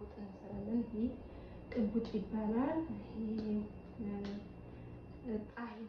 ሽንኩርት እንሰራለን። ቅቡጭ ይባላል። ይሄ ጣሂን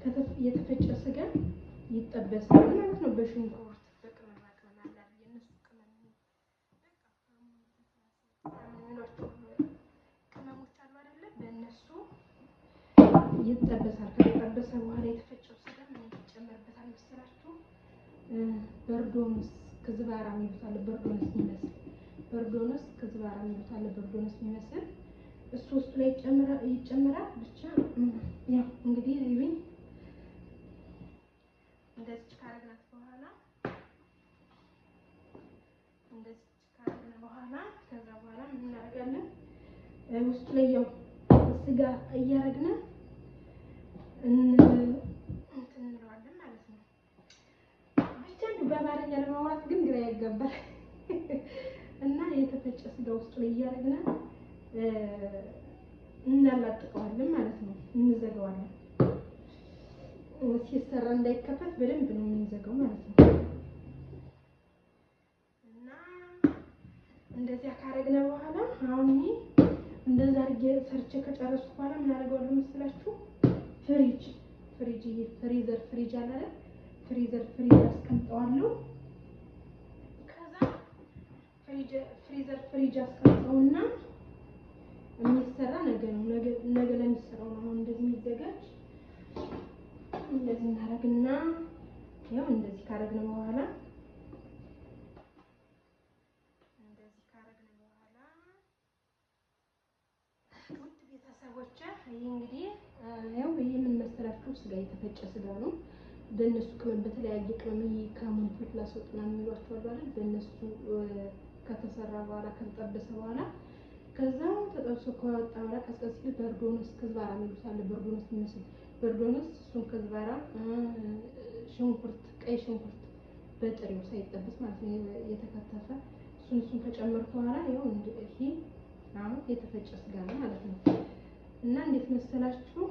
ስጋ የተፈጨ ስጋ ይጠበሳል ማለት ነው በሽንኩርት ቅመም አለ የእነሱ ቅመም ይጠበሳል ከተጠበሰ በኋላ የተፈጨው ስጋ ምን ይጨመርበታል መሰላችሁ በርዶንስ ክዝባራ ይሉታል በርዶንስ ይመስል በርዶንስ ክዝባራ ይሉታል በርዶንስ ይመስል እሱ ውስጡ ላይ ይጨምራል። ብቻ ያው እንግዲህ ይሁን እንደዚህ ካረግናት በኋላ እንደዚህ ካረግና በኋላ ከዛ በኋላ ምን እናደርጋለን? ውስጡ ላይ ያው ስጋ እያረግን እንትን እንለዋለን ማለት ነው። ብቻ በአማርኛ ለማውራት ግን ግራ እና የተፈጨ ስጋ ውስጡ ላይ እያረግን እናላጥቀዋለን ማለት ነው። እንዘገዋለን። ሲሰራ እንዳይከፈት በደንብ ነው የምንዘገው ማለት ነው። እና እንደዚያ ካረግነ በኋላ አሁን እንደዛ አድርጌ ሰርቼ ከጨረሱ በኋላ ምን አደርገዋለሁ መስላችሁ? ፍሪጅ ፍሪጅ ፍሪዘር ፍሪጅ አለ አይደል? ፍሪዘር ፍሪጅ አስቀምጠዋለሁ። ከዛ ፍሪዘር ፍሪጅ አስቀምጠውና የሚሰራ ነገ ነው ነገ ለሚሰራው ነው። አሁን እንደዚህ የሚዘጋጅ እንደዚህ እናደርግና ያው እንደዚህ ካደረግን በኋላ እንደዚህ ካደረግን በኋላ ውድ ቤተሰቦቼ ይሄ እንግዲህ ያው ይሄ ምን መሰላችሁ ስጋ የተፈጨ ስጋ ነው። በእነሱ ቅመም በተለያየ ቅመም ከሙን ፍላሶጥና የሚሏቸው አይደል በእነሱ ከተሰራ በኋላ ከተጠበሰ በኋላ ከዛ ተጠብሶ ከወጣ በኋላ ቀዝቀዝ ሲል በርዶኖስ ከዝባራ የሚሉት አለ። በርዶኖስ የሚመስል እሱን ከዝባራ፣ ሽንኩርት፣ ቀይ ሽንኩርት በጥሬው ሳይጠበስ ማለት ነው የተከተፈ እሱን እሱን ከጨመርኩ በኋላ ይኸው ይሄ አሁን የተፈጨ ስጋ ነው ማለት ነው። እና እንዴት መሰላችሁ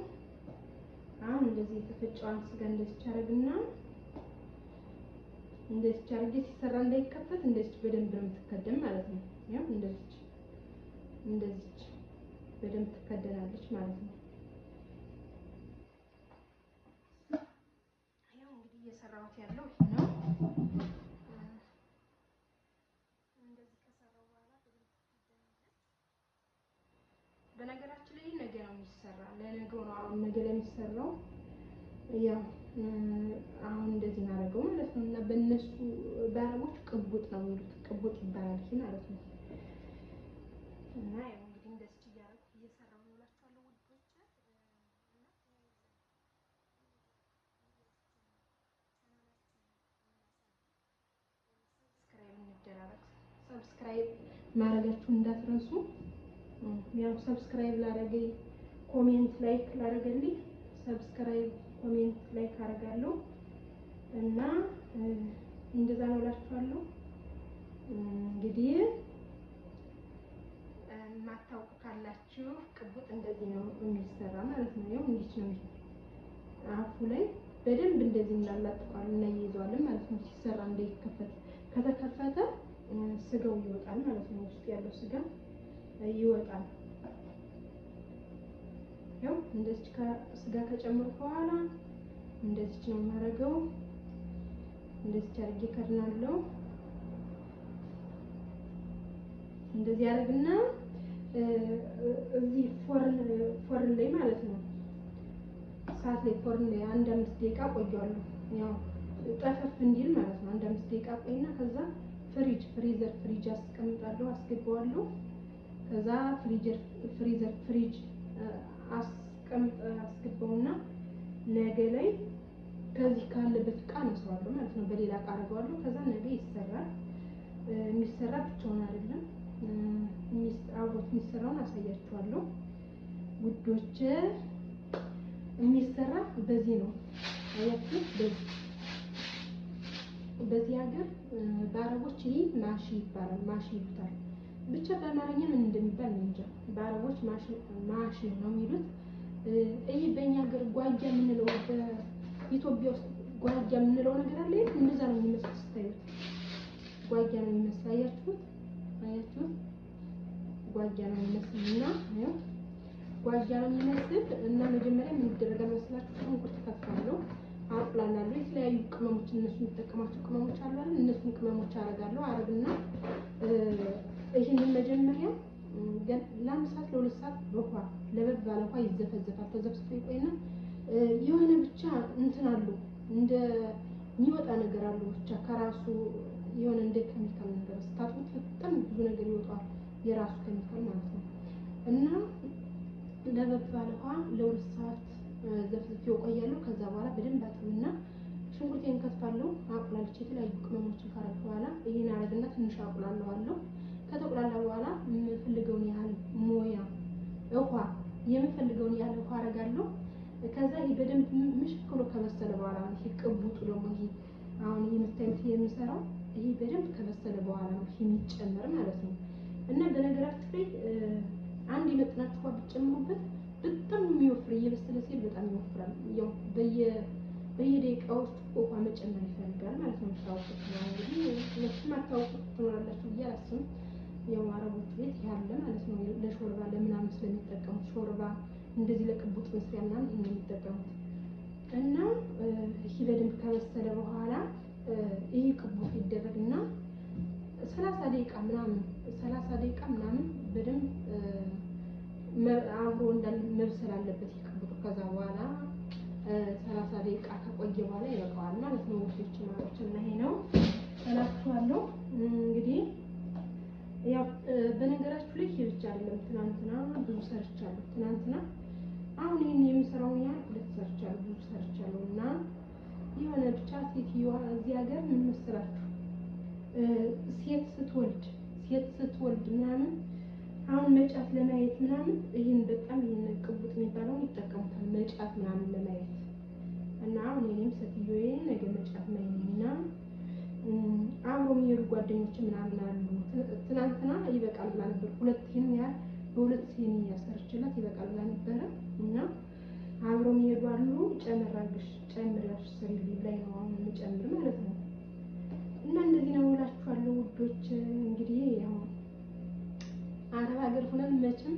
አሁን እንደዚህ የተፈጨውን ስጋ እንደዚህ ቻረግና እንደዚህ ቻረግ ሲሰራ እንዳይከፈት እንደዚህ በደንብ ነው የምትከደም ማለት ነው። ያው እንደዚህ እንደዚች በደንብ ትከደናለች ማለት ነው። ያው እንግዲህ እየሰራሁት ያለው ይሄ ነው። በነገራችን ላይ ነገ ነው የሚሰራ ነው አሁን ነገ ለሚሰራው ያው አሁን እንደዚህ እናደርገው ማለት ነው እና በእነሱ በአረቦች ቅቡጥ ነው የሚሉት ቅቡጥ ይባላል ይሄ ማለት ነው። እና ያው እንግዲህ እንደዚህ እያደረኩ እየሰራሁ ነው እላችኋለሁ ውዶች። ሰብስክራይብ እንደራረግ፣ ሰብስክራይብ ማድረጋችሁ እንዳትረሱ። ያው ሰብስክራይብ ላደረገኝ ኮሜንት ላይክ ላደረገልኝ ሰብስክራይብ ኮሜንት ላይክ አደርጋለሁ እና እንደዛ ነው እላችኋለሁ እንግዲህ እንደዚህ ነው የሚሰራ ማለት ነው። ይኸው እንዲች ነው አፉ ላይ በደንብ እንደዚህ እናላጥፋለን እናያይዘዋለን ማለት ነው። ሲሰራ እንዳይከፈት ከተከፈተ ስጋው ይወጣል ማለት ነው። ውስጥ ያለው ስጋ ይወጣል። ያው እንደዚች ስጋ ከጨመርኩ በኋላ እንደዚች ነው የማደርገው። እንደዚች አድርጌ ከድናለሁ። እንደዚህ አድርግና እዚህ ፎርን ፎርን ላይ ማለት ነው ሰዓት ላይ ፎርን ላይ አንድ አምስት ደቂቃ ቆያለሁ። ያው ጠፈፍ እንዲል ማለት ነው። አንድ አምስት ደቂቃ ቆይና ከዛ ፍሪጅ ፍሪዘር ፍሪጅ አስቀምጣለሁ አስገባዋለሁ። ከዛ ፍሪዘር ፍሪዘር ፍሪጅ አስገባውና ነገ ላይ ከዚህ ካለበት እቃ አነሳዋለሁ ማለት ነው። በሌላ እቃ አደርገዋለሁ። ከዛ ነገ ይሰራል። የሚሰራ ብቻውን አይደለም። አብሮት የሚሰራውን አሳያችኋለሁ። ውዶች የሚሰራ በዚህ ነው አያችሁ። በዚህ ሀገር በአረቦች ይህ ማሺ ይባላል፣ ማሺ ይሉታል። ብቻ በአማርኛ ምን እንደሚባል እንጃ። በአረቦች ማሺ ነው የሚሉት። ይህ በእኛ ሀገር ጓጃ የምንለው በኢትዮጵያ ውስጥ ጓጃ የምንለው ነገር አለ። እንደዛ ነው የሚመስል ስታዩት፣ ጓጃ ነው የሚመስል አያችሁት። አያችሁት? ጓያ ነው የሚመስል እና ያው ጓያ ነው የሚመስል እና መጀመሪያ ምን ይደረጋል መሰላችሁ? ሽንኩርት ከትፋለሁ፣ አቁላላለሁ። የተለያዩ ቅመሞች እነሱ የሚጠቀማቸው ቅመሞች አሉ አይደል? እነሱን ቅመሞች አደርጋለሁ። አረግና ይህንን መጀመሪያ ለአንድ ሰዓት ለሁለት ሰዓት በውሃ ለበብ ባለ ውሃ ይዘፈዘፋል። ተዘፍዝፎ ይቆይና የሆነ ብቻ እንትን አሉ እንደ የሚወጣ ነገር አለው ብቻ ከራሱ የሆነ እንደ ኬሚካል ነገር ስታጥቡት በጣም ብዙ ነገር ይወጣል፣ የራሱ ኬሚካል ማለት ነው። እና ለበባል ውሃ ለሁለት ሰዓት ዘፍዝፌው እቆያለሁ። ከዛ በኋላ በደንብ አጥብና ሽንኩርቴን ከትፋለሁ። አቁላልቼ የተለያዩ ቅመሞችን ካረግ በኋላ ይህን አረግና ትንሽ አቁላለዋለሁ። ከተቁላላ በኋላ የምፈልገውን ያህል ሞያ ውሃ የምፈልገውን ያህል ውሃ አረጋለሁ። ከዛ ይሄ በደንብ ምሽክሎ ከበሰለ በኋላ ይሄ ቅቡጡ ደግሞ ይሄ አሁን የምታዩት የምሰራው ይሄ በደንብ ከበሰለ በኋላ ነው የሚጨመር ማለት ነው። እና በነገራችሁ ላይ አንድ የመጥናት ውሃ ብትጨምሩበት በጣም የሚወፍር እየበሰለ ሲል በጣም ይወፍራል። ያው በየ በየደቂቃ ውስጥ ውሃ መጨመር ይፈልጋል ማለት ነው። ታውቁት ነው እንግዲህ ለስም አታውቁት ትኖራላችሁ ብዬ አላስብም። ያው አረቦች ቤት ያለ ማለት ነው ለሾርባ ለምናምን ስለሚጠቀሙት ሾርባ እንደዚህ ለቅቡጥ መስሪያ ምናምን እንደሚጠቀሙት እና ይህ በደንብ ከበሰለ በኋላ ይሄ ቅቡስ እና ሰላሳ ደቂቃ ምናምን ሰላሳ ደቂቃ ምናምን በደንብ አብሮ እንዳለ መብሰል አለበት ይቅቡጡ። ከዛ በኋላ ሰላሳ ደቂቃ ከቆየ በኋላ ይበቃዋል ማለት ነው። ውሶች ማሮች እና ይሄ ነው እላችኋለሁ። እንግዲህ ያው በነገራችሁ ላይ ይሄ ብቻ አይደለም። ትናንትና ብዙ ሰርቻለሁ። ትናንትና አሁን ይህን የምሰራውን ያህል ሁለት ሰርቻለሁ፣ ብዙ ሰርቻለሁ እና ሴትዮዋ እዚህ ሀገር ምን መሰላችሁ ሴት ስትወልድ ሴት ስትወልድ ምናምን አሁን መጫት ለማየት ምናምን ይህን በጣም የሚነቅቡት የሚባለውን ይጠቀሙታል። መጫት ምናምን ለማየት እና አሁን እኔም ሴትዮዬን ነገ መጫት ማየት እና አብሮ የሚሄዱ ጓደኞች ምናምን አሉ። ትናንትና ይበቃል ብላ ነበር። ሁለት ይህን ያህል በሁለት ሲኒ ያሰርችላት ይበቃል ብላ ነበረ እና አብሮ የሚሄዱ አሉ። ጨምራግሽ ጨምራሽ ስሪልኝ ብላኝ ነው አሁን የምጨምር ማለት ነው። እና እንደዚህ ነው እላችኋለሁ ውዶች። እንግዲህ ያው አረብ ሀገር ሆነን መቼም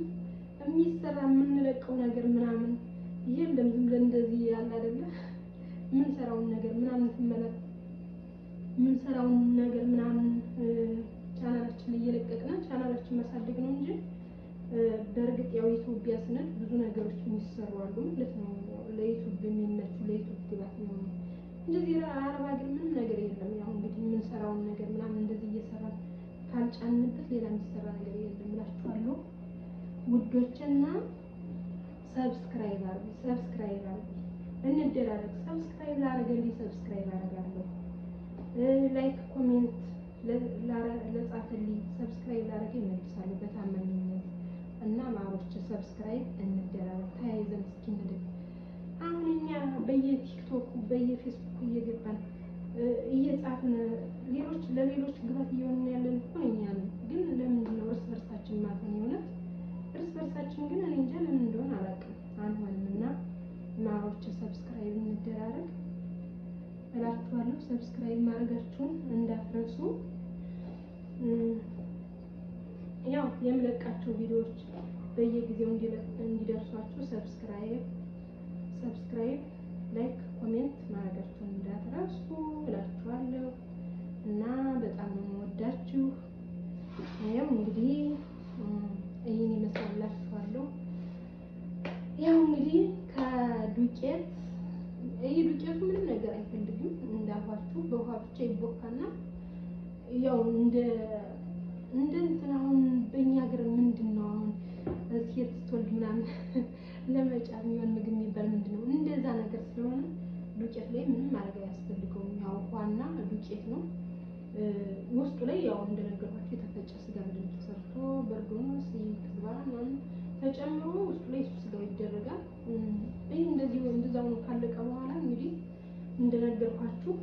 የሚሰራ የምንለቀው ነገር ምናምን ይሄም ዝም ብለን እንደዚህ ያለ አይደለ የምንሰራውን ነገር ምናምን ስመለስ የምንሰራውን ነገር ምናምን ቻናላችን እየለቀቅን ቻናላችን ማሳደግ ነው እንጂ በእርግጥ ያው የኢትዮጵያ ስንል ብዙ ነገሮች የሚሰሩ አሉ ማለት ነው። ለዩቱብ የሚመቹ ለዩቱብ ግባት ነው። እንደዚህ አረብ ሀገር ምንም ነገር የለም። ያው እንግዲህ የምንሰራውን ነገር ምናምን እንደዚህ እየሰራ ካልጫንበት ሌላ የሚሰራ ነገር የለም እላችኋለሁ ውዶችና፣ ሰብስክራይብ ሰብስክራይብ አርጉ፣ እንደራረግ። ሰብስክራይብ ላረገልኝ ሰብስክራይብ አረጋለሁ። ላይክ ኮሜንት ለጻፈልኝ ሰብስክራይብ ላረገ ይመልሳሉ በታማኝነት እና ማሮች ሰብስክራይብ እንደራረግ ተያይዘን እስኪንድን አሁን እኛ በየቲክቶኩ በየፌስቡኩ እየገባን እየጻፍን ሌሎች ለሌሎች ግባት እየሆንን ያለን እኮ እኛ ነን። ግን ለምንድን ነው እርስ በርሳችን ማፈን የሆነት? እርስ በርሳችን ግን እኔ እንጃ ለምን እንደሆነ አላውቅም። አንሆንም እና ማሮች ሰብስክራይብ እንደራረግ እላችኋለሁ። ሰብስክራይብ ማድረጋችሁን እንዳትረሱ። ያው የምለቃቸው ቪዲዮዎች በየጊዜው እንዲደርሷችሁ ሰብስክራይብ ሰብስክራይብ ላይክ ኮሜንት ማድረጋችሁን እንዳትረሱ እላችኋለሁ እና በጣም ነው የምወዳችሁ። ያው እንግዲህ ይህን ይመስላላችኋለሁ። ያው እንግዲህ ከዱቄት ይህ ዱቄቱ ምንም ነገር አይፈልግም እንዳልኳችሁ በውሃ ብቻ ይቦካና ያው እንደ እንደ እንትን አሁን በእኛ ሀገር ምንድን ነው አሁን ሴት ስትወልድ ምናምን ለመጫ የሚሆን ምግብ የሚባል ምንድን ነው? እንደዛ ነገር ስለሆነ ዱቄት ላይ ምንም ማድረግ አያስፈልገውም። ያው ዋና ዱቄት ነው። ውስጡ ላይ ያው እንደነገርኳቸው የተፈጨ ስጋ በደንብ ተሰርቶ በርጎኖስ ይግባራ ምናምን ተጨምሮ ውስጡ ላይ እሱ ስጋ ይደረጋል። ይህ እንደዚህ እንደዛ ካለቀ በኋላ እንግዲህ እንደነገርኳችሁ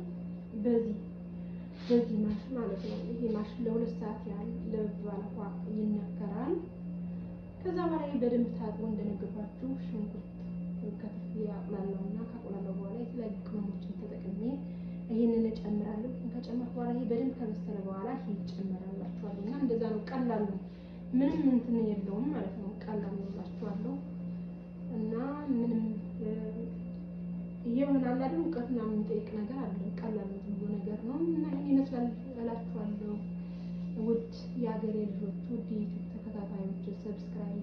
በዚህ በዚህ ማሽን ማለት ነው። ይሄ ማሽን ለሁለት ሰዓት ያህል ለባለ ይነገራል። ከዛ በኋላ በደንብ ታጥቦ እንደነገርኳችሁ ሽንኩርት ከትፌ አቁላለሁ ካቁላለሁ በኋላ የተለያዩ ቅመሞችን ተጠቅሜ ይህንን እጨምራለሁ። ከጨመርኩ በኋላ ይሄ በደንብ ከበሰለ በኋላ ይሄ ይጨመራላችኋል እና እንደዛ ነው። ቀላሉ ምንም እንትን የለውም ማለት ነው። ቀላል ነው እና ምንም የሆነ አላደ እውቀት ምናምን የሚጠይቅ ነገር አለ። ቀላል ብሎ ነገር ነው እና ይህን ይመስላል እላችኋለሁ። ውድ የሀገሬ ልጆች፣ ውድ ተከታታዮች ሰብስክራይብ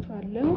እላችኋለሁ።